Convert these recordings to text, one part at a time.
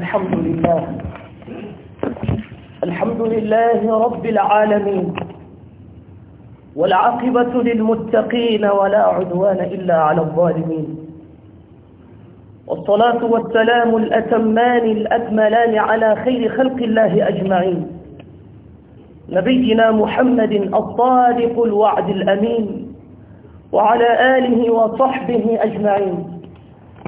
الحمد لله الحمد لله رب العالمين والعاقبة للمتقين ولا عدوان إلا على الظالمين والصلاة والسلام الأتمان الأكملان على خير خلق الله أجمعين نبينا محمد الصادق الوعد الأمين وعلى آله وصحبه أجمعين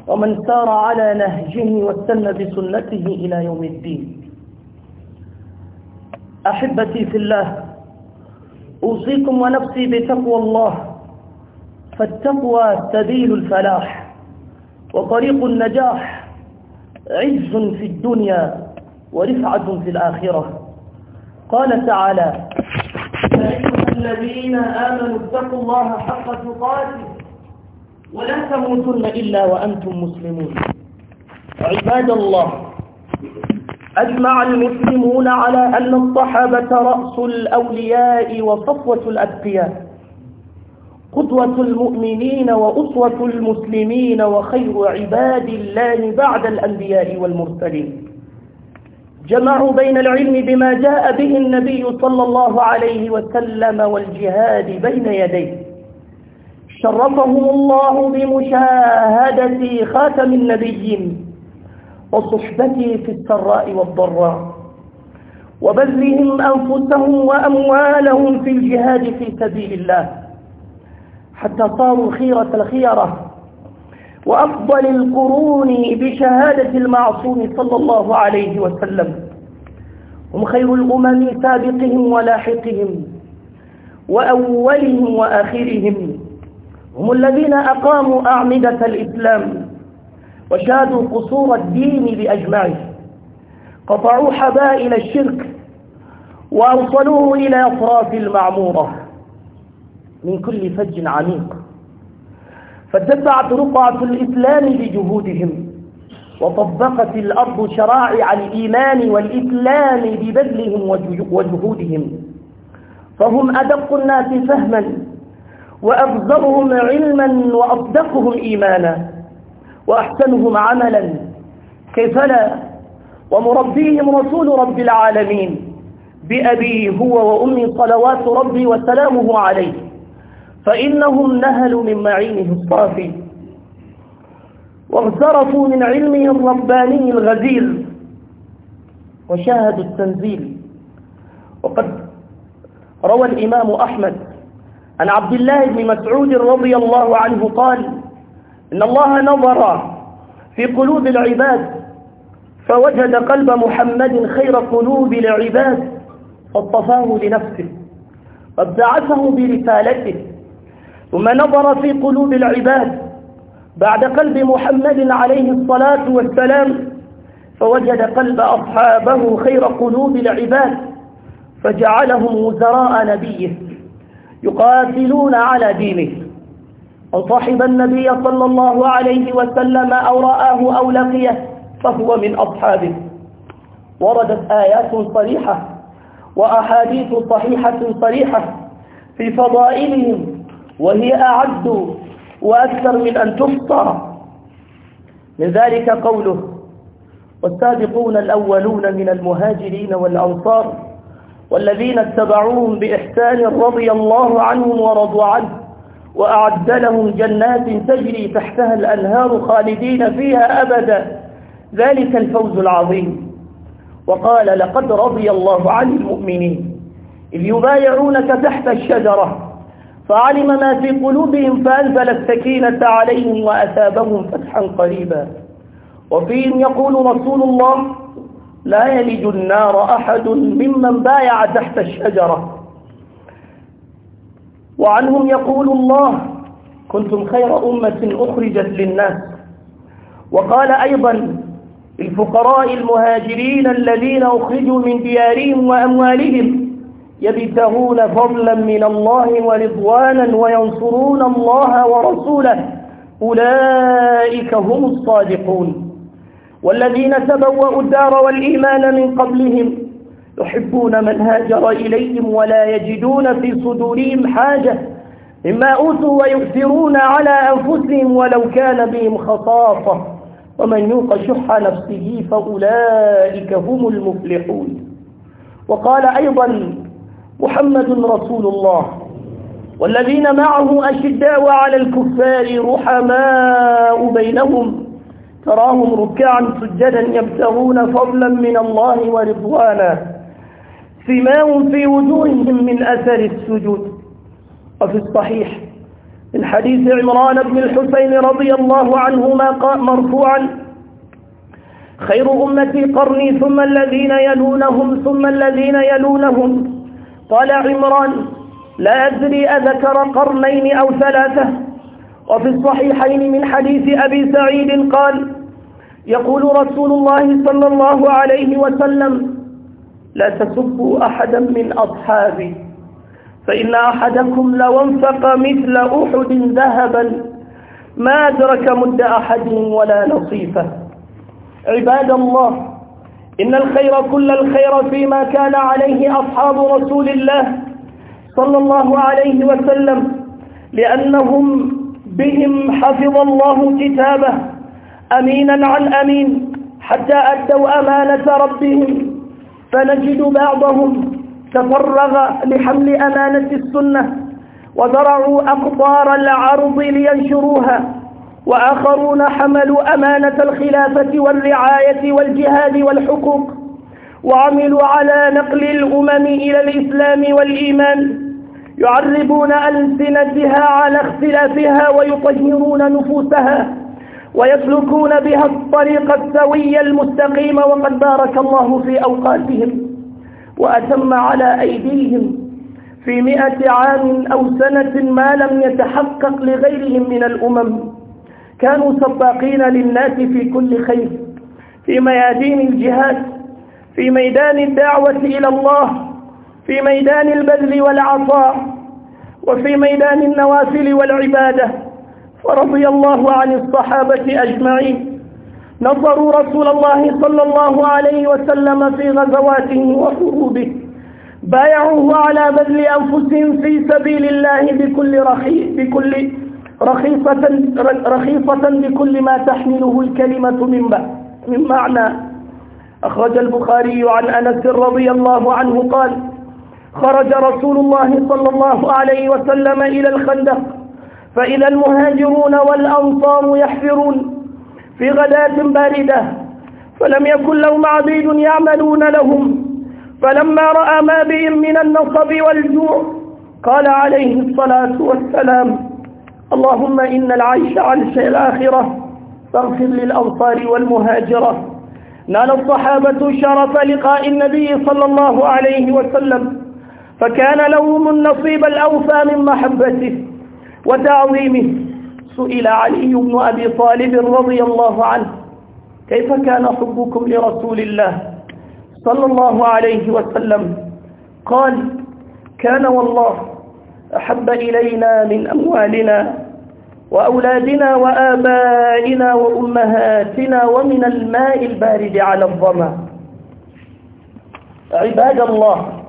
ومن سار على نهجه واستنى بسنته إلى يوم الدين أحبتي في الله أوصيكم ونفسي بتقوى الله فالتقوى سبيل الفلاح وطريق النجاح عز في الدنيا ورفعة في الآخرة قال تعالى يا أيها الذين آمنوا اتقوا الله حق تقاته ولا تموتن إلا وأنتم مسلمون عباد الله أجمع المسلمون على أن الصحابة رأس الأولياء وصفوة الأتقياء قدوة المؤمنين وأسوة المسلمين وخير عباد الله بعد الأنبياء والمرسلين جمعوا بين العلم بما جاء به النبي صلى الله عليه وسلم والجهاد بين يديه شرفهم الله بمشاهدة خاتم النبيين وصحبته في السراء والضراء وبذلهم أنفسهم وأموالهم في الجهاد في سبيل الله حتى صاروا خيرة الخيرة وأفضل القرون بشهادة المعصوم صلى الله عليه وسلم هم خير الأمم سابقهم ولاحقهم وأولهم وآخرهم هم الذين أقاموا أعمدة الإسلام وشادوا قصور الدين بأجمعه قطعوا حبائل الشرك وأوصلوه إلى أطراف المعمورة من كل فج عميق فتبعت رقعة الإسلام بجهودهم وطبقت الأرض شرائع الإيمان والإسلام ببذلهم وجهودهم فهم أدق الناس فهما وأفضلهم علما وأصدقهم إيمانا وأحسنهم عملا كيف لا ومربيهم رسول رب العالمين بأبي هو وأمي صلوات ربي وسلامه عليه فإنهم نهلوا من معينه الصافي واغترفوا من علمه الرباني الغزير وشاهدوا التنزيل وقد روى الإمام أحمد عن عبد الله بن مسعود رضي الله عنه قال إن الله نظر في قلوب العباد فوجد قلب محمد خير قلوب العباد فاصطفاه لنفسه وابتعثه برسالته ثم نظر في قلوب العباد بعد قلب محمد عليه الصلاة والسلام فوجد قلب أصحابه خير قلوب العباد فجعلهم وزراء نبيه يقاتلون على دينه أو صاحب النبي صلى الله عليه وسلم أو رآه أو لقيه فهو من أصحابه وردت آيات صريحة وأحاديث صحيحة صريحة في فضائلهم وهي أعد وأكثر من أن تفطر من ذلك قوله والسابقون الأولون من المهاجرين والأنصار والذين اتبعوهم بإحسان رضي الله عنهم ورضوا عنه وأعد لهم جنات تجري تحتها الأنهار خالدين فيها أبدا ذلك الفوز العظيم وقال لقد رضي الله عن المؤمنين إذ يبايعونك تحت الشجرة فعلم ما في قلوبهم فأنزل السكينة عليهم وأثابهم فتحا قريبا وفيهم يقول رسول الله لا يلج النار أحد ممن بايع تحت الشجرة وعنهم يقول الله كنتم خير أمة أخرجت للناس وقال أيضا الفقراء المهاجرين الذين أخرجوا من ديارهم وأموالهم يبتغون فضلا من الله ورضوانا وينصرون الله ورسوله أولئك هم الصادقون والذين تبوأوا الدار والإيمان من قبلهم يحبون من هاجر إليهم ولا يجدون في صدورهم حاجة مما أوتوا ويؤثرون على أنفسهم ولو كان بهم خصاصة ومن يوق شح نفسه فأولئك هم المفلحون وقال أيضا محمد رسول الله والذين معه أشداء على الكفار رحماء بينهم تراهم ركعا سجدا يبتغون فضلا من الله ورضوانا سماهم في وجوههم من أثر السجود وفي الصحيح من حديث عمران بن الحسين رضي الله عنهما مرفوعا خير أمتي قرني ثم الذين يلونهم ثم الذين يلونهم قال عمران لا أدري أذكر قرنين أو ثلاثة وفي الصحيحين من حديث أبي سعيد قال يقول رسول الله صلى الله عليه وسلم لا تسبوا أحدا من أصحابي فإن أحدكم لو انفق مثل أحد ذهبا ما أدرك مد أحد ولا نصيفه عباد الله إن الخير كل الخير فيما كان عليه أصحاب رسول الله صلى الله عليه وسلم لأنهم بهم حفظ الله كتابه أمينا عن أمين حتى أدوا أمانة ربهم فنجد بعضهم تفرغ لحمل أمانة السنة وزرعوا أقطار العرض لينشروها وآخرون حملوا أمانة الخلافة والرعاية والجهاد والحقوق وعملوا على نقل الأمم إلى الإسلام والإيمان يعربون ألسنتها على اختلافها ويطهرون نفوسها ويسلكون بها الطريق السوي المستقيم وقد بارك الله في أوقاتهم وأتم على أيديهم في مئة عام أو سنة ما لم يتحقق لغيرهم من الأمم كانوا سباقين للناس في كل خير في ميادين الجهاد في ميدان الدعوة إلى الله في ميدان البذل والعطاء وفي ميدان النوافل والعبادة فرضي الله عن الصحابة أجمعين نظروا رسول الله صلى الله عليه وسلم في غزواته وحروبه بايعوه على بذل أنفسهم في سبيل الله بكل, رخي بكل رخيصة, رخيصة بكل ما تحمله الكلمة من, من معنى أخرج البخاري عن أنس رضي الله عنه قال خرج رسول الله صلى الله عليه وسلم إلى الخندق فإذا المهاجرون والأنصار يحفرون في غداة باردة فلم يكن لهم عبيد يعملون لهم فلما رأى ما بهم من النصب والجوع قال عليه الصلاة والسلام اللهم إن العيش الشيء الآخرة فاغفر للأنصار والمهاجرة نال الصحابة شرف لقاء النبي صلى الله عليه وسلم فكان لهم النصيب الأوفى من محبته وتعظيمه سئل علي بن أبي طالب رضي الله عنه كيف كان حبكم لرسول الله صلى الله عليه وسلم قال كان والله أحب إلينا من أموالنا وأولادنا وآبائنا وأمهاتنا ومن الماء البارد على الظمأ عباد الله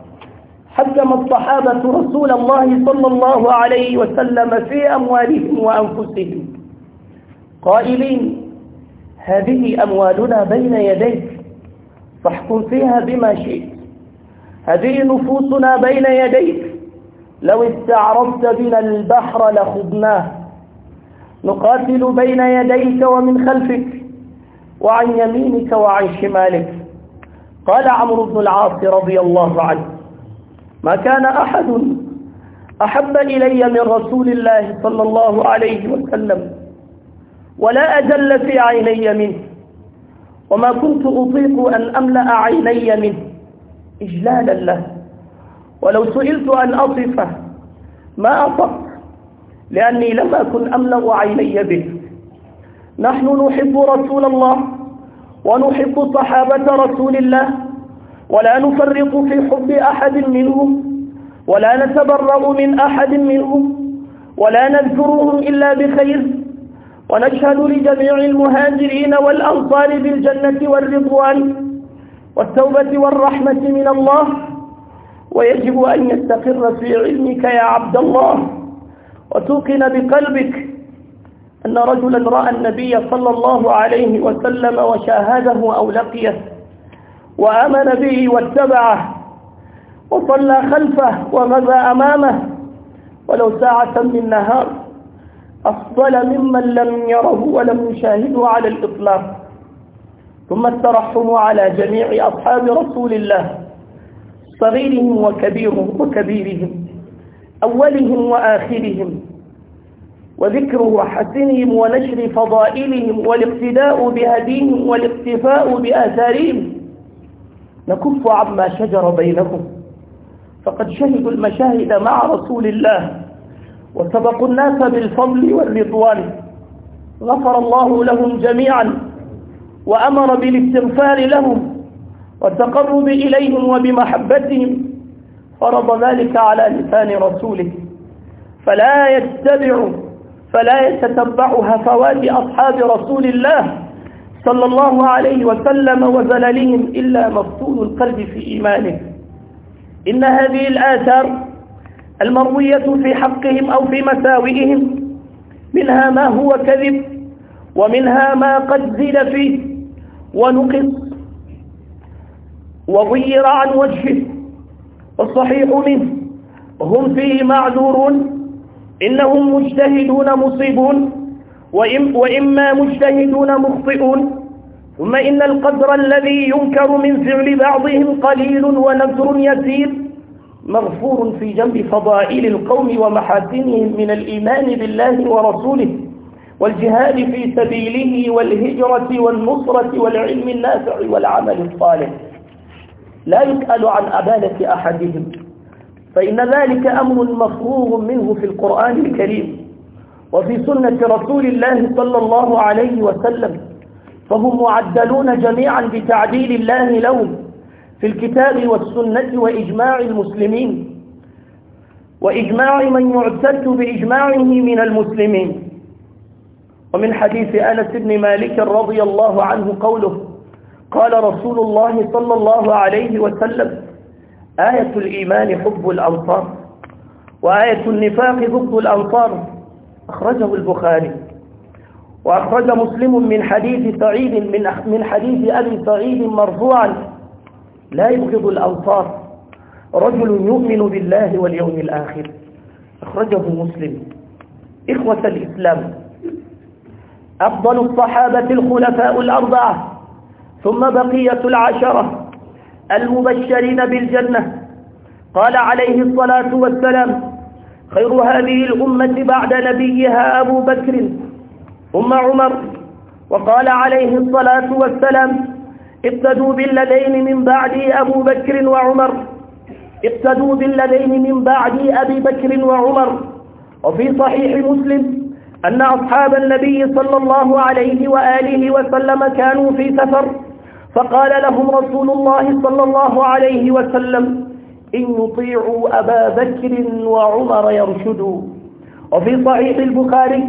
حكم الصحابة رسول الله صلى الله عليه وسلم في أموالهم وأنفسهم قائلين هذه أموالنا بين يديك فاحكم فيها بما شئت هذه نفوسنا بين يديك لو استعرضت بنا البحر لخضناه نقاتل بين يديك ومن خلفك وعن يمينك وعن شمالك قال عمرو بن العاص رضي الله عنه ما كان أحد أحب إلي من رسول الله صلى الله عليه وسلم ولا أجل في عيني منه وما كنت أطيق أن أملأ عيني منه إجلالا له ولو سئلت أن أصفه ما أصفت لأني لم أكن أملأ عيني به نحن نحب رسول الله ونحب صحابة رسول الله ولا نفرط في حب أحد منهم ولا نتبرأ من أحد منهم ولا نذكرهم إلا بخير ونشهد لجميع المهاجرين والأنصار بالجنة والرضوان والتوبة والرحمة من الله ويجب أن يستقر في علمك يا عبد الله وتوقن بقلبك أن رجلا رأى النبي صلى الله عليه وسلم وشاهده أو لقيه وآمن به واتبعه وصلى خلفه وغزى أمامه ولو ساعة من نهار أفضل ممن لم يره ولم يشاهده على الإطلاق ثم الترحم على جميع أصحاب رسول الله صغيرهم وكبيرهم وكبيرهم أولهم وآخرهم وذكر وحسنهم ونشر فضائلهم والاقتداء بهديهم والاقتفاء بآثارهم نكف عما شجر بينكم فقد شهدوا المشاهد مع رسول الله وسبقوا الناس بالفضل والرضوان غفر الله لهم جميعا وأمر بالاستغفار لهم والتقرب إليهم وبمحبتهم فرض ذلك على لسان رسوله فلا يتبع فلا يتتبع هفوات أصحاب رسول الله صلى الله عليه وسلم وزللهم إلا مفتون القلب في إيمانه إن هذه الآثار المروية في حقهم أو في مساوئهم منها ما هو كذب ومنها ما قد زل فيه ونقص وغير عن وجهه والصحيح منه هم فيه معذورون إنهم مجتهدون مصيبون وإما مجتهدون مخطئون ثم إن القدر الذي ينكر من فعل بعضهم قليل ونذر يسير مغفور في جنب فضائل القوم ومحاسنهم من الإيمان بالله ورسوله والجهاد في سبيله والهجرة والنصرة والعلم النافع والعمل الصالح لا يسأل عن أبالة أحدهم فإن ذلك أمر مفروغ منه في القرآن الكريم وفي سنة رسول الله صلى الله عليه وسلم فهم معدلون جميعا بتعديل الله لهم في الكتاب والسنة وإجماع المسلمين وإجماع من يعتد بإجماعه من المسلمين ومن حديث أنس بن مالك رضي الله عنه قوله قال رسول الله صلى الله عليه وسلم آية الإيمان حب الأنصار وآية النفاق ضد الأنصار أخرجه البخاري وأخرج مسلم من حديث سعيد من من حديث أبي سعيد مرفوعا لا يبغض الأنصار رجل يؤمن بالله واليوم الآخر أخرجه مسلم إخوة الإسلام أفضل الصحابة الخلفاء الأربعة ثم بقية العشرة المبشرين بالجنة قال عليه الصلاة والسلام خير هذه الأمة بعد نبيها أبو بكر ثم عمر وقال عليه الصلاة والسلام اقتدوا بالذين من بعدي أبو بكر وعمر اقتدوا بالذين من بعدي أبي بكر وعمر وفي صحيح مسلم أن أصحاب النبي صلى الله عليه وآله وسلم كانوا في سفر فقال لهم رسول الله صلى الله عليه وسلم إن يطيعوا أبا بكر وعمر يرشدوا وفي صحيح البخاري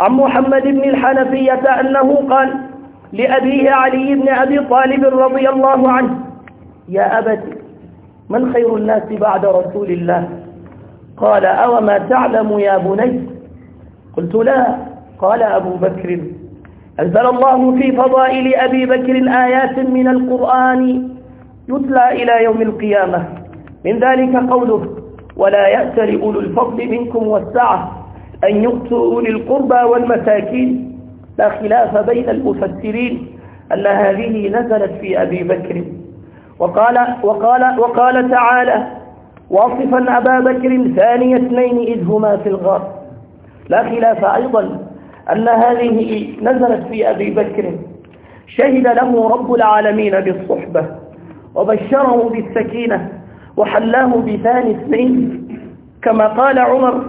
عن محمد بن الحنفية أنه قال لأبيه علي بن أبي طالب رضي الله عنه يا أبت من خير الناس بعد رسول الله قال أو ما تعلم يا بني قلت لا قال أبو بكر أنزل الله في فضائل أبي بكر آيات من القرآن يتلى إلى يوم القيامة من ذلك قوله ولا يأتل أولو الفضل منكم والسعة أن يؤتوا أولي القربى والمساكين لا خلاف بين المفسرين أن هذه نزلت في أبي بكر وقال, وقال, وقال تعالى واصفا أبا بكر ثاني اثنين إذ هما في الغار لا خلاف أيضا أن هذه نزلت في أبي بكر شهد له رب العالمين بالصحبة وبشره بالسكينة وحلاه بثاني اثنين كما قال عمر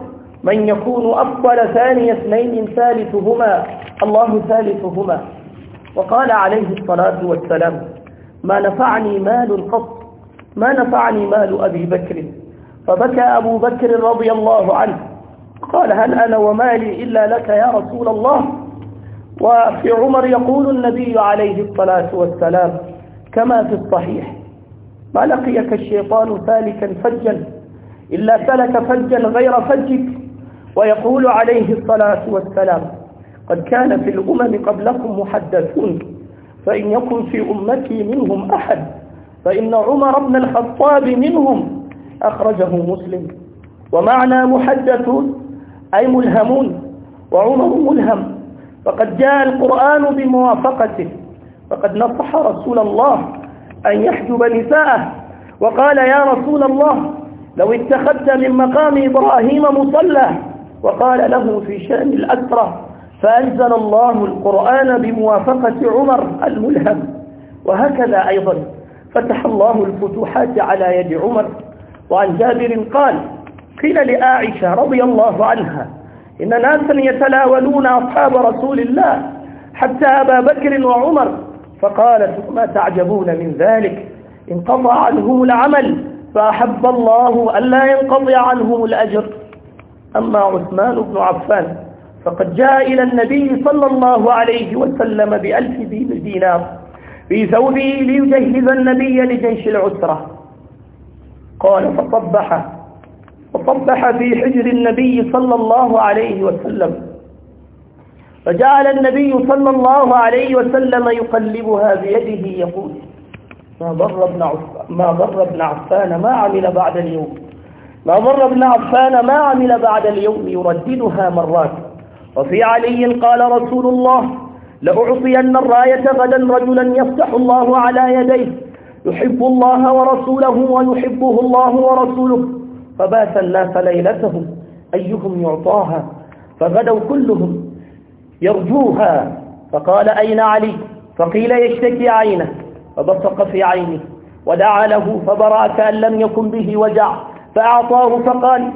من يكون أفضل ثاني اثنين ثالثهما الله ثالثهما وقال عليه الصلاة والسلام ما نفعني مال قط ما نفعني مال أبي بكر فبكى أبو بكر رضي الله عنه قال هل أنا ومالي إلا لك يا رسول الله وفي عمر يقول النبي عليه الصلاة والسلام كما في الصحيح ما لقيك الشيطان سالكا فجا إلا سلك فجا غير فجك ويقول عليه الصلاة والسلام قد كان في الأمم قبلكم محدثون فإن يكن في أمتي منهم أحد فإن عمر بن الخطاب منهم أخرجه مسلم ومعنى محدثون أي ملهمون وعمر ملهم فقد جاء القرآن بموافقته فقد نصح رسول الله أن يحجب نساءه وقال يا رسول الله لو اتخذت من مقام إبراهيم مصلى وقال له في شأن الأسرة فأنزل الله القرآن بموافقة عمر الملهم وهكذا أيضا فتح الله الفتوحات على يد عمر وعن جابر قال قيل لآعشة رضي الله عنها إن ناسا يتلاولون أصحاب رسول الله حتى أبا بكر وعمر فقالت ما تعجبون من ذلك انقطع عنهم العمل فأحب الله ألا ينقطع عنهم الأجر أما عثمان بن عفان فقد جاء إلى النبي صلى الله عليه وسلم بألف دينار في ثوبه ليجهز النبي لجيش العسرة قال فصبح فصبح في حجر النبي صلى الله عليه وسلم فجعل النبي صلى الله عليه وسلم يقلبها بيده يقول ما ضر ابن ما ضر ابن عفان ما عمل بعد اليوم ما ضر ابن عفان ما عمل بعد اليوم يرددها مرات وفي علي قال رسول الله لأعطين الراية غدا رجلا يفتح الله على يديه يحب الله ورسوله ويحبه الله ورسوله فبات الناس ليلتهم أيهم يعطاها فغدوا كلهم يرجوها فقال أين علي فقيل يشتكي عينه فبصق في عينه ودعا له فبرأ كأن لم يكن به وجع فأعطاه فقال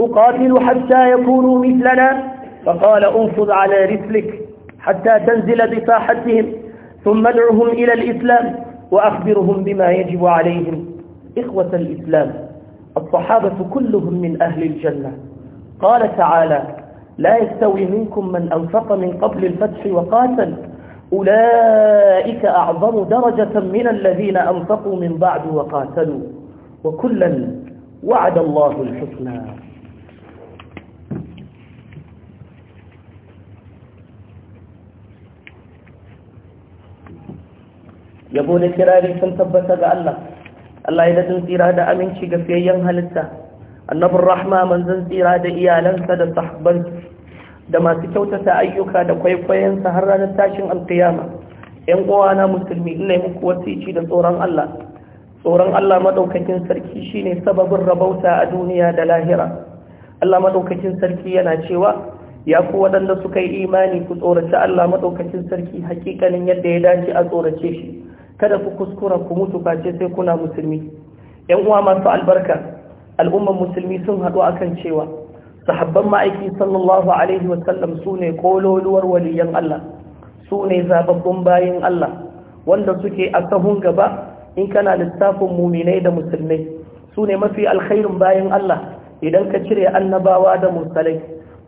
أقاتل حتى يكونوا مثلنا فقال انفض على رسلك حتى تنزل بساحتهم ثم ادعهم إلى الإسلام وأخبرهم بما يجب عليهم إخوة الإسلام الصحابة كلهم من أهل الجنة قال تعالى لا يستوي منكم من أنفق من قبل الفتح وقاتل أولئك أعظم درجة من الذين أنفقوا من بعد وقاتلوا وكلا وعد الله الحسنى yabo da فانتبت sun الله إذا تنسي رادة أمين dadin في أيام aminci ga annabin rahma manzon tsira da iyalansa da sahabban da masu kyautata ayyuka da kwaikwayensa har ranar tashin alkiyama yan uwana musulmi ina yi muku wasici da tsoron Allah tsoron Allah madaukakin sarki shine sababin rabauta a duniya da lahira Allah madaukakin sarki yana cewa ya ku waɗanda suka yi imani ku tsorace Allah madaukakin sarki hakikanin yadda ya dace a tsorace shi kada ku kuskura ku mutu face sai kuna musulmi yan uwa masu albarka al'umman musulmi sun haɗu akan cewa sahabban ma'aiki sallallahu alaihi wasallam su ne kololuwar waliyan Allah su ne zababbun Allah wanda suke a sahun gaba in kana lissafin muminai da musulmai su ne mafi alkhairun bayan Allah idan ka cire annabawa da musalai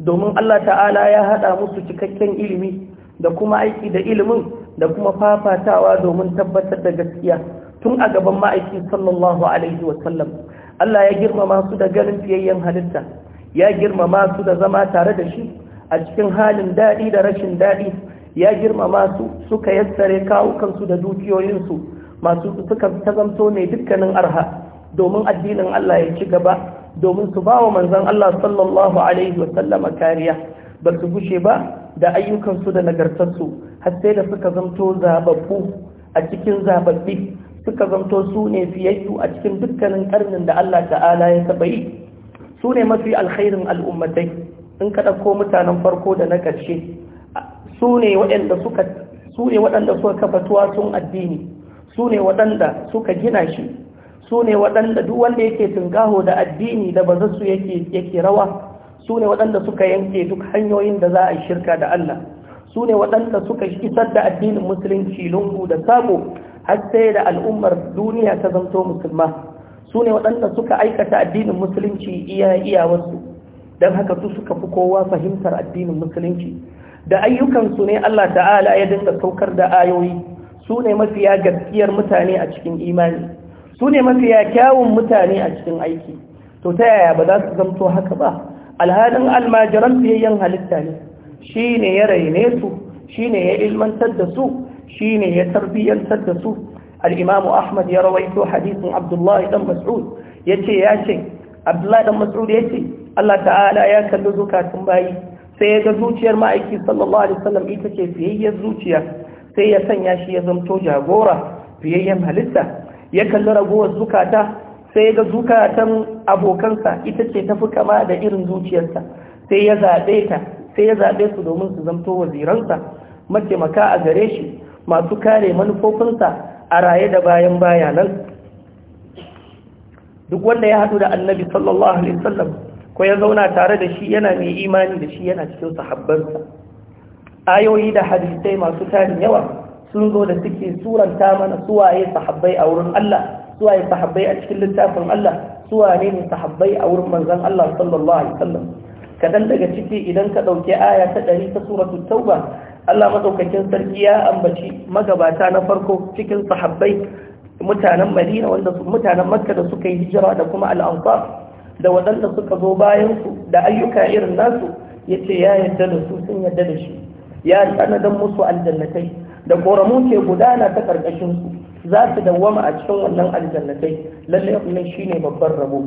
domin Allah ta'ala ya haɗa musu cikakken ilimi da kuma aiki da ilimin da kuma fafatawa domin tabbatar da gaskiya tun a gaban ma'aiki sallallahu alaihi sallam. Allah ya girmama su da ganin fiyayyen halitta ya girmama su da zama tare da shi a cikin halin daɗi da rashin daɗi ya girmama su suka yassare kawukansu da dukiyoyinsu masu suka tazamto ne dukkanin arha domin addinin Allah ya ci gaba domin su ba wa manzan Allah sallallahu Alaihi wasallama kariya ba su gushe ba da ayyukansu da nagartarsu har sai da suka zamto zababbu a cikin zababbi suka zanto su ne fiyayyu a cikin dukkanin karnin da Allah ta'ala ya taɓa yi su ne mafi alkhairin al'ummatai in ka ɗauko mutanen farko da na ƙarshe su ne waɗanda suka kafa tuwatsun addini su ne waɗanda suka gina shi su ne waɗanda duk wanda yake tungaho da addini da ba su yake rawa su ne waɗanda suka yanke duk hanyoyin da za a shirka da Allah su ne waɗanda suka isar da addinin musulunci lungu da sabo har sai da al'ummar duniya ta zanto musulma su ne waɗanda suka aikata addinin musulunci iya iyawarsu don haka su suka fi kowa fahimtar addinin musulunci da ayyukansu ne Allah ta'ala ya dinga saukar da ayoyi su ne mafiya gaskiyar mutane a cikin imani su ne mafiya kyawun mutane a cikin aiki to ta yaya ba za su zamto haka ba alhalin almajiran yin halitta ne shi ne ya raine su shi ne ya ilmantar da su shine ya tarbiyantar da su alimamu imam Ahmad ya rawaito hadisin Abdullahi dan Mas'ud yace ya ce Abdullahi dan Mas'ud yace Allah ta'ala ya kalli zukatun bayi sai ya ga zuciyar ma'aiki sallallahu alaihi wasallam ita ce fiyayyar zuciya sai ya sanya shi ya zamto jagora fiyayyen halitta ya kalli ragowar zukata sai ga zukatan abokansa ita ce tafi kama da irin zuciyarsa sai ya zaɓe ta sai ya zaɓe su domin su zamto waziransa mataimaka a gare shi masu kare manufofinsa a raye da bayan bayanan duk wanda ya haɗu da annabi sallallahu alaihi wasallam ko ya zauna tare da shi yana mai imani da shi yana cikin sahabbansa ayoyi da hadisai masu tarin yawa sun zo da suke suranta mana suwaye sahabbai a wurin Allah suwaye sahabbai a cikin littafin Allah suwaye ne sahabbai a wurin manzon Allah sallallahu alaihi wasallam kadan daga ciki idan ka dauke aya ta 100 ta suratul tauba Allah madaukakin sarki ya ambaci magabata na farko cikin sahabbai mutanen Madina wanda mutanen Makka da suka yi hijira da kuma al-Ansar da waɗanda suka zo bayan su da ayyuka irin nasu yace ya yarda da su sun yarda da shi ya tsanadan musu aljannatai da koramu ke gudana ta karkashin su za su dawwama a cikin wannan aljannatai lalle wannan shine babban rabo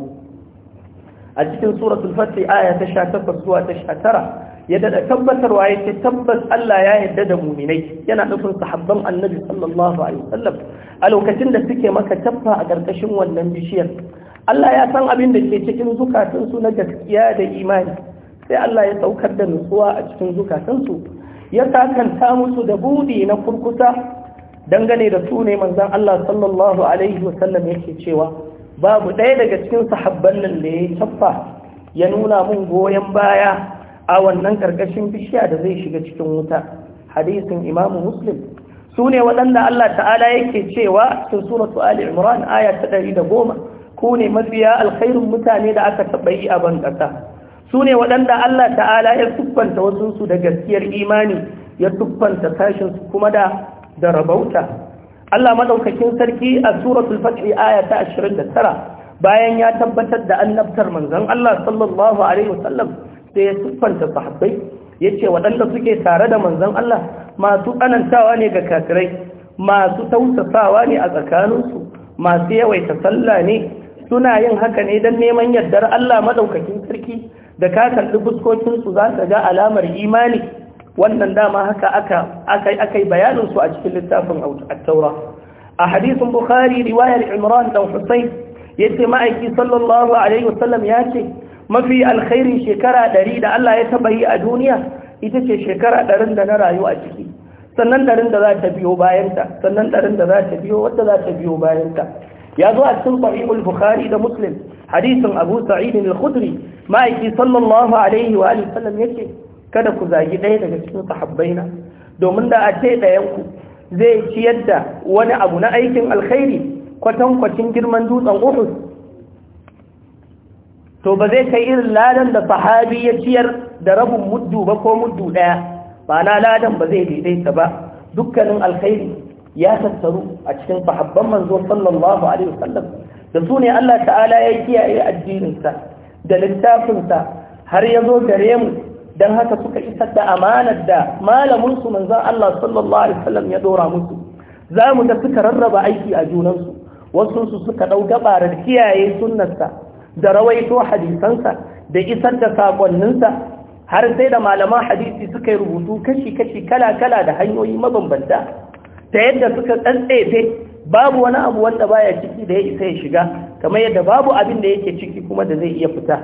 a cikin suratul fatih aya ta 18 zuwa ta 19 ya dada tabbatarwa ya ce tabbas Allah ya yarda da muminai yana nufin sahabban annabi sallallahu alaihi wasallam a lokacin da suke maka tabba a ƙarƙashin wannan bishiyar Allah ya san abin da ke cikin zukatunsu na gaskiya da imani sai Allah ya saukar da nutsuwa a cikin zukatunsu. ya takanta musu da budi na kurkusa dangane da su ne manzon Allah sallallahu alaihi wasallam yake cewa babu ɗaya daga cikin sahabban nan da ya tabba ya nuna mun goyon baya a wannan ƙarƙashin bishiya da zai shiga cikin wuta hadisin imamu muslim su ne waɗanda Allah ta'ala yake cewa cikin suratu ali imran aya ta ɗari da goma ku ne mafiya alkhairun mutane da aka taɓa yi a ban ƙasa su ne waɗanda Allah ta'ala ya tuffanta wasunsu da gaskiyar imani ya tuffanta tashinsu kuma da da rabauta Allah madaukakin sarki a suratul fathi aya ta 29 bayan ya tabbatar da annabtar manzon Allah sallallahu alaihi wasallam sai ya siffanta sahabbai ya ce waɗanda suke tare da manzan Allah masu tsanantawa ne ga kafirai masu tausasawa ne a tsakaninsu masu yawaita sallah ne suna yin haka ne don neman yardar Allah madaukakin sarki da ka kalli fuskokinsu za ka ga alamar imani wannan dama haka aka aka yi bayaninsu a cikin littafin attaura a hadisin bukhari riwayar imran dan husayn yace ma'aiki sallallahu alaihi wasallam ya ce mafi alkhairin shekara ɗari da Allah ya taɓa yi a duniya ita ce shekara ɗarin da na rayu a ciki sannan ɗarin da za ta biyo bayanta sannan ɗarin da za ta biyo wadda za ta biyo bayanta ya zo a cikin sahihul bukhari da muslim hadisin abu sa'id al-khudri ma'aiki sallallahu alaihi wa alihi sallam yake kada ku zagi ɗaya daga cikin sahabbaina domin da a ce ɗayan ku zai ciyar da wani abu na aikin alkhairi kwatankwacin girman dutsen Uhud to ba zai kai irin ladan da sahabi ya ciyar da rabin muddu ba ko muddu ɗaya ba na ladan ba zai daidaita ba dukkanin alkhairi ya tattaru a cikin sahabban manzo sallallahu alaihi wasallam da su ne Allah ta'ala ya kiyaye addininsa da littafinsa har ya zo gare mu don haka suka isar da amanar da malaminsu manzo Allah sallallahu Alaihi wasallam ya dora musu za mu da suka rarraba aiki a junansu wasu su suka ɗau gabarar kiyaye sunnarsa da rawaito hadisansa da isar da sakonninsa har sai da malaman hadisi suka yi rubutu kashi-kashi kala-kala da hanyoyi mabambanta ta yadda suka tsantsefe babu wani abu wanda baya ciki da ya isa ya shiga kamar yadda babu abin da yake ciki kuma da zai iya fita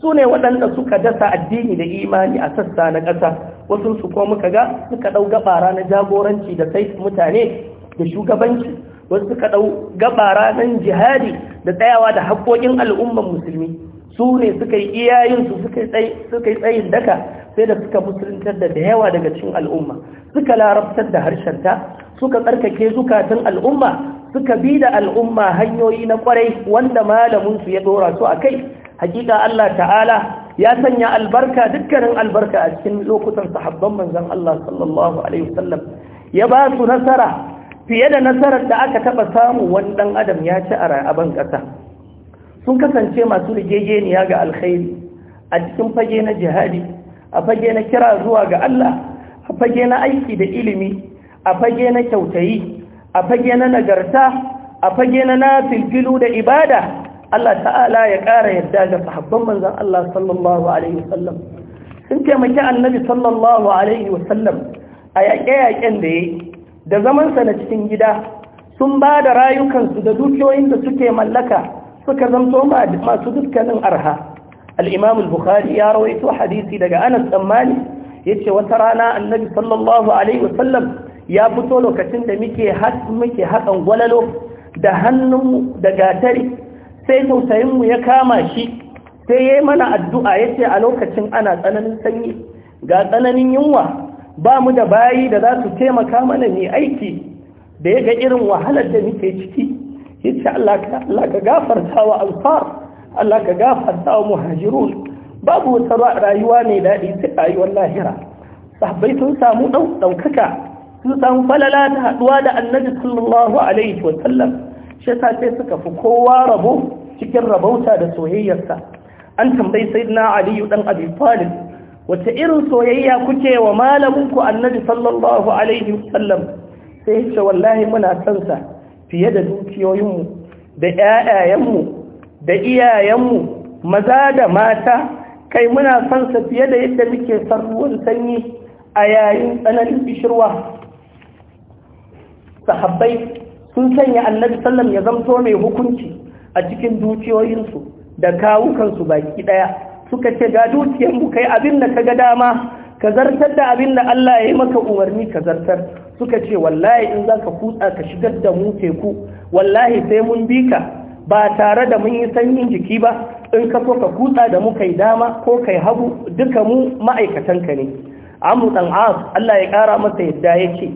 su ne waɗanda suka dasa addini da imani a sassa na ƙasa wasu su ko muka ga suka ɗau gabara na jagoranci da sai mutane da shugabanci wasu suka ɗau gabara ranar jihadi da tsayawa da haƙoƙin al'umman musulmi su ne suka yi iyayensu suka yi tsayin daka sai da suka musuluntar da yawa daga cikin al'umma suka larabtar da harshenta suka tsarkake zukatan al'umma suka bi da al'umma hanyoyi na kwarai wanda malaminsu ya dora su a kai hakika Allah ta'ala ya sanya albarka dukkanin albarka a cikin lokutan sahabban manzon Allah sallallahu alaihi wasallam ya ba su nasara fiye da nasarar da aka taɓa samu wani ɗan adam ya ci a ra'aban ƙasa sun kasance masu rigegeniya ga alkhairi a cikin fage na jihadi a fage na kira zuwa ga Allah a fage na aiki da ilimi a fage na kyautayi a fage na nagarta a fage na nafilfilu da ibada Allah ta'ala ya ƙara yadda ga sahabban manzan Allah sallallahu alaihi wasallam sun taimaki annabi sallallahu alaihi wasallam a yaƙe-yaƙen da ya yi da zamansa na cikin gida sun ba da rayukansu da dukiyoyin da suke mallaka suka zamto masu dukkanin arha al'imam al-bukhari ya rawaito hadisi daga anas tsammani ya ce wata rana annabi sallallahu alaihi wasallam ya fito lokacin da muke haƙan gwalalo da hannunmu da gatari sai tausayinmu ya kama shi sai ya yi mana addu'a ya ce a lokacin ana tsananin sanyi ga tsananin yunwa ba mu da bayi da za su taimaka mana mai aiki da ya ga irin wahalar da muke ciki yace Allah ka gafarta wa alfar Allah ka gafarta wa muhajirun babu wata rayuwa mai daɗi sai rayuwar lahira sahabbai sun samu ɗaukaka sun samu falala ta haɗuwa da annabi sallallahu alaihi wa sallam shi yasa sai suka fi kowa rabo cikin rabauta da soyayyarsa an tambayi sayyidina aliyu dan abi talib wata irin soyayya kuke wa malaminku annabi sallallahu alaihi wasallam sai ce wallahi muna son fiye da dukiyoyinmu da ƴaƴayenmu da iyayenmu maza da mata kai muna son fiye da yadda muke son ruwan sanyi a yayin tsananin bishirwa sahabbai sun sanya annabi sallam ya zamto mai hukunci a cikin dukiyoyinsu da kawukansu baki ɗaya. suka ce ga dukiyarmu kai abin da ka ga dama ka zartar da abin da Allah ya yi maka umarni ka zartar suka ce wallahi in za ka kutsa ka shigar da mu teku wallahi sai mun bi ka ba tare da mun yi sanyin jiki ba in ka so ka kutsa da mu kai dama ko kai hagu duka mu ma'aikatanka ne amu dan as Allah ya kara masa yadda yake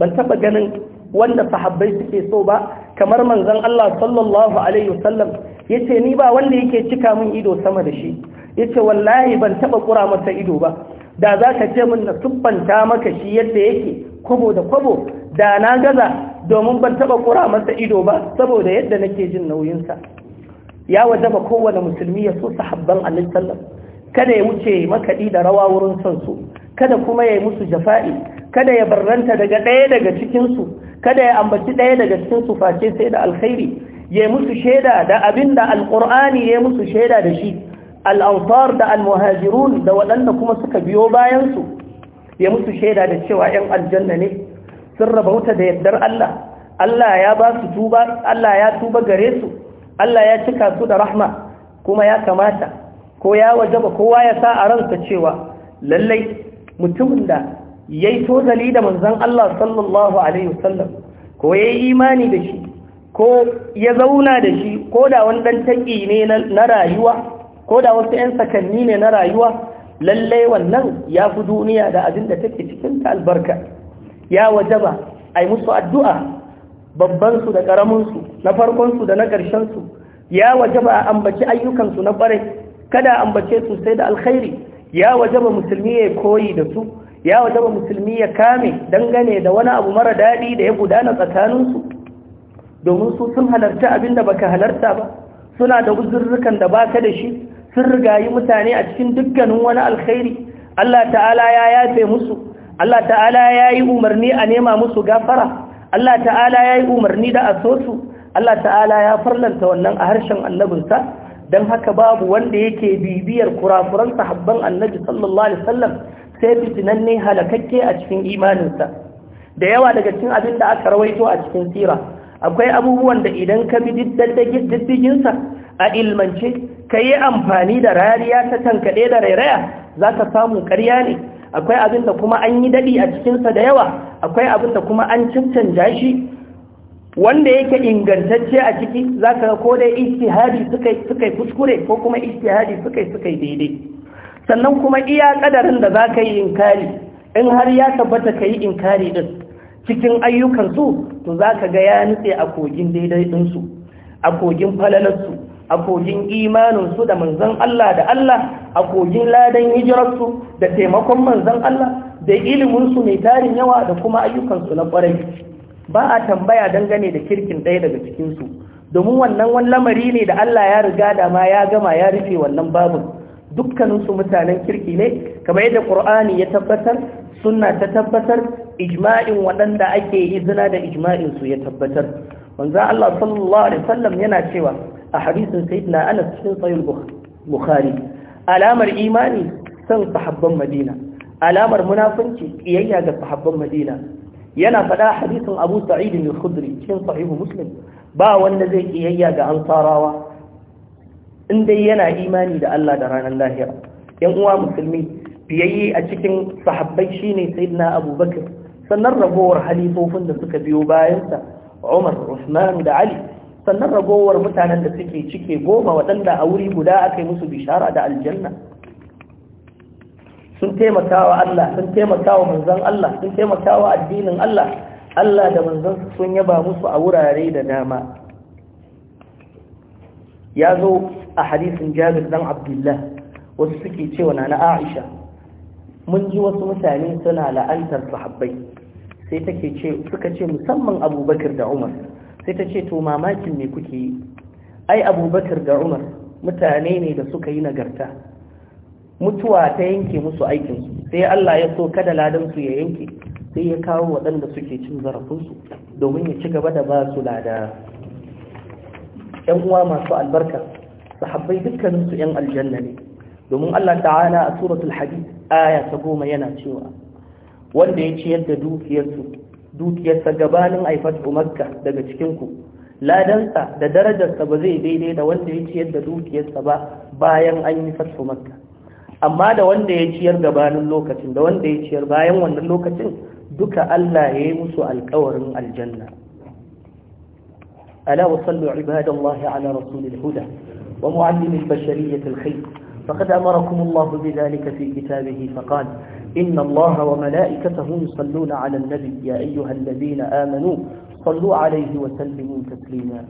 ban taba ganin wanda sahabbai suke so ba kamar manzon Allah sallallahu alaihi wasallam ya ce ni ba wanda yake cika min ido sama da shi ya ce wallahi ban taɓa kura masa ido ba da za ka ce min na tubbanta maka shi yadda yake kwabo da kwabo da na gaza domin ban taɓa kura masa ido ba saboda yadda nake jin nauyinsa ya wajaba kowane musulmi ya so sahabban alaihi kada ya wuce makaɗi da rawa wurin son su kada kuma ya yi musu jafa'i kada ya barranta daga ɗaya daga cikinsu kada ya ambaci ɗaya daga cikinsu face sai da alkhairi ya musu shaida da abin da alƙur'ani ya musu shaida da shi al'ansar da almuhajirun da waɗanda kuma suka biyo bayansu ya musu shaida da cewa ‘yan aljanna ne sun wuta da yardar Allah Allah ya ba su tuba Allah ya tuba gare su Allah ya cika su da rahma kuma ya kamata ko ya wajaba kowa ya sa a ransa cewa lallai mutumin da ya yi tozali da manzan Allah sallallahu Alaihi wasallam ko ya yi imani da shi ko ya zauna da shi ko da wani ɗan taƙi ne na rayuwa ko da wasu 'yan sakanni ne na rayuwa lallai wannan ya fi duniya da abin da take cikin ta albarka ya wajaba a yi musu addu'a babbansu da ƙaraminsu na farkonsu da na ƙarshensu ya wajaba a ambaci ayyukansu na ƙwarai kada a ambace su sai da alkhairi ya wajaba musulmi ya koyi da su ya wajaba musulmi ya kame dangane da wani abu mara daɗi da ya gudana tsakaninsu domin su sun halarta abinda baka halarta ba suna da uzurrukan da baka da shi sun rigayi mutane a cikin dukkanin wani alkhairi Allah ta'ala ya yafe musu Allah ta'ala ya yi umarni a nema musu gafara Allah ta'ala ya yi umarni da asosu Allah ta'ala ya farlanta wannan a harshen annabinsa don haka babu wanda yake bibiyar kurakuran sahabban annabi sallallahu alaihi wasallam sai fitinanne halakakke a cikin imaninsa da yawa daga cikin abin da aka rawaito a cikin sira akwai abubuwan da idan ka bi diddiginsa a ilmance ka yi amfani da rariya ta tankaɗe da rairaya za ka samu ƙarya ne akwai abin da kuma an yi daɗi a cikinsa da yawa akwai abin da kuma an cancanja shi wanda yake ingantacce a ciki za ka ko dai istihadi suka yi kuskure ko kuma istihadi suka yi suka yi daidai sannan kuma iya ƙadarin da za ka yi inkari in har ya tabbata ka yi inkari ɗin cikin ayyukansu to za ka ga ya nutse a kogin daidai ɗinsu, a kogin falalarsu a kogin imaninsu da manzan Allah da Allah a kogin ladan hijirarsu da taimakon manzan Allah da iliminsu mai tarin yawa da kuma ayyukansu na ƙwarai ba a tambaya dangane da kirkin ɗaya daga cikinsu domin wannan wani lamari ne da Allah ya riga da ma ya gama ya rufe wannan babu. dukkaninsu mutanen kirki ne kamar yadda ƙur'ani ya tabbatar sunna ta tabbatar ijma'in waɗanda ake izina da ijma'in su ya tabbatar manzo Allah sallallahu alaihi wasallam yana cewa a hadisin sayyidina Anas cikin sahih Bukhari alamar imani san sahabban Madina alamar munafunci kiyayya ga sahabban Madina yana faɗa hadisin Abu Sa'id al-Khudri cikin sahih Muslim ba wanda zai kiyayya ga ansarawa in dai yana imani da Allah da ranar lahira yan uwa musulmi biyayye a cikin sahabbai shine saidna abubakar. sannan ragowar halifofin da suka biyo bayansa Umar Usman da Ali sannan ragowar mutanen da suke cike goma waɗanda a wuri guda aka yi musu bishara da aljanna sun taimakawa Allah sun taimakawa manzan Allah sun taimakawa addinin Allah Allah da manzon sun yaba musu a wurare da dama ya zo a hadisin Jabir dan Abdullah wasu suke cewa na Aisha mun ji wasu mutane suna la'antar sahabbai sai ke ce suka ce musamman abubakar da umar sai ta ce to mamakin me kuke yi ai abubakar da umar mutane ne da suka yi nagarta mutuwa ta yanke musu aikinsu sai allah ya so kada ladansu ya yanke sai ya kawo waɗanda suke cin zarafinsu domin ya ci gaba da ba su lada yan uwa masu albarka sahabbai dukkaninsu yan aljanna ne domin Allah ta'ala a suratul hadid aya ta goma yana cewa wanda ya ciyar da dukiyarsa gabanin aifatu makka daga cikin ku ladansa da darajarsa ba zai daidai da wanda ya ciyar da dukiyarsa ba bayan an yi fatu makka amma da wanda ya ciyar gabanin lokacin da wanda ya ciyar bayan wannan lokacin duka Allah ya yi musu alkawarin aljanna ala wa sallu ibadallahi ala rasulil huda wa muallimil bashariyyatil kai. فقد أمركم الله بذلك في كتابه فقال إن الله وملائكته يصلون على النبي يا أيها الذين آمنوا صلوا عليه وسلموا تسليما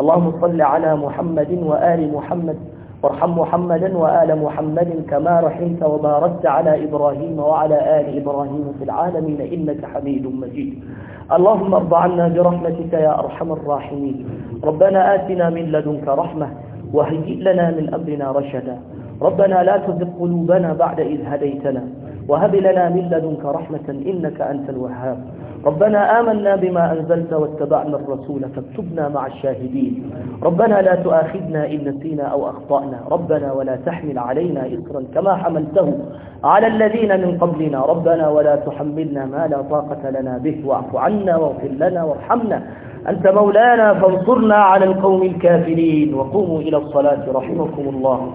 اللهم صل على محمد وآل محمد وارحم محمدا وآل محمد كما رحمت وباركت على إبراهيم وعلى آل إبراهيم في العالمين إنك حميد مجيد اللهم ارض عنا برحمتك يا أرحم الراحمين ربنا آتنا من لدنك رحمة وهيئ لنا من أمرنا رشدا ربنا لا تزغ قلوبنا بعد إذ هديتنا وهب لنا من لدنك رحمة إنك أنت الوهاب ربنا آمنا بما أنزلت واتبعنا الرسول فاكتبنا مع الشاهدين ربنا لا تؤاخذنا إن نسينا أو أخطأنا ربنا ولا تحمل علينا إصرا كما حملته على الذين من قبلنا ربنا ولا تحملنا ما لا طاقة لنا به واعف عنا واغفر لنا وارحمنا أنت مولانا فانصرنا على القوم الكافرين وقوموا إلى الصلاة رحمكم الله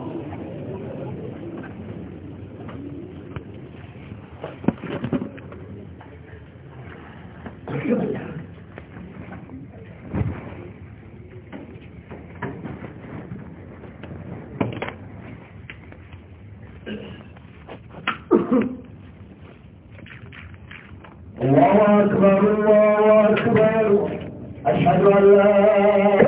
الضلال